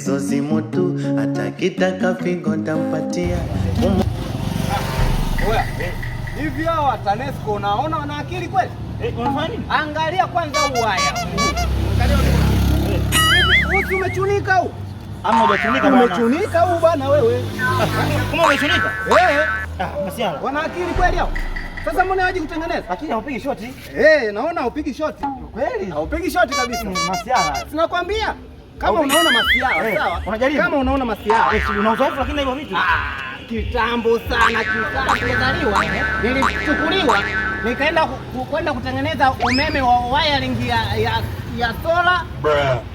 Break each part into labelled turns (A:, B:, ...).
A: hizo zimutu, hata kitaka figo ntampatia. Hivi hawa watanesco unaona wana akili kweli? Eh, Angalia kwanza uwaya usi umechunika Umechunika huu wewe.
B: umechunika? Eh. Ah,
A: wana akili kweli hao? Sasa mbona hawaji kutengeneza?
B: Lakini haupigi shoti.
A: Eh, naona haupigi shoti. Kweli? Haupigi shoti kabisa.
B: Hmm,
A: Sinakwambia. Kama unaona masiara
B: eh, sawa, unajaribu.
A: Kama unaona masiara,
B: eh, una uzoefu lakini hivyo vitu
A: ah, kitambo sana, kitambo nilizaliwa, eh. nilichukuliwa nikaenda kwenda kutengeneza umeme wa wiring ya, ya, ya sola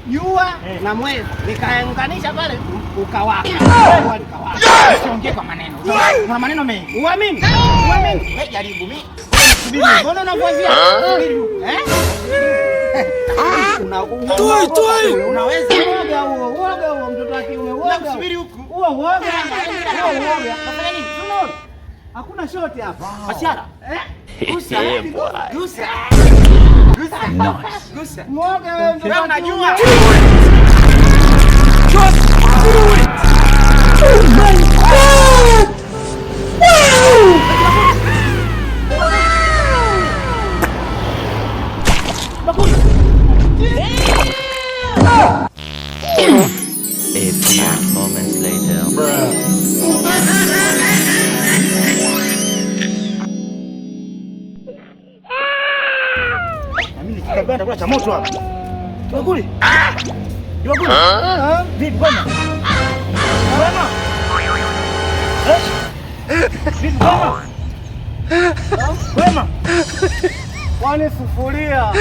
A: jua na mwezi nikaunganisha pale ukawaka, usiongee kwa maneno, kuna maneno mengi. Uamini, uamini, wewe jaribu mimi, mbona unakuambia eh Unaweza uoga huo, uoga huo, mtoto wa kiume uoga. Nakusubiri huku. Huo uoga. Huo uoga. Nafanya nini? Hakuna shoti
B: hapa. Mashara. Eh? Gusa. Gusa.
A: Gusa. Gusa. Mwoga wewe, unajua. Chakula ah! ah! Ah! ah
B: Kwani sufuria?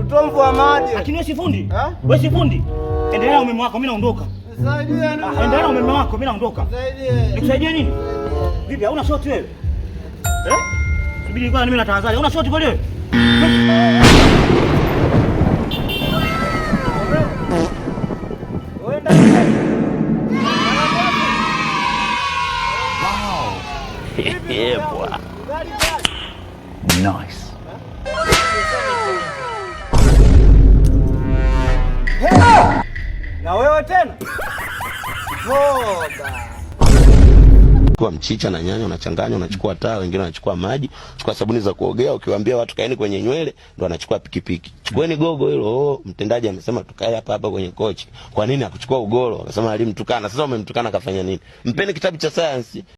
B: Utomvu wa maji.
A: Lakini wewe si fundi? Eh? Wewe si fundi? Endelea umeme wako, mimi naondoka. Endelea na umeme wako, mimi naondoka. Nikusaidie nini? Vipi, hauna shoti wewe? Eh? Subiri kwanza, mimi natahadhari. Hauna shoti kweli wewe? Na wewe tena? kwa Mchicha na nyanya unachanganya, unachukua taa, wengine wanachukua maji, chukua sabuni za kuogea, ukiwaambia watu kaeni kwenye nywele ndo anachukua pikipiki. Chukueni gogo hilo. Oh, mtendaji amesema tukae hapa hapa kwenye kochi. Kwa nini akuchukua ugoro? Akasema alimtukana. Sasa umemtukana kafanya nini? Mpeni kitabu cha sayansi.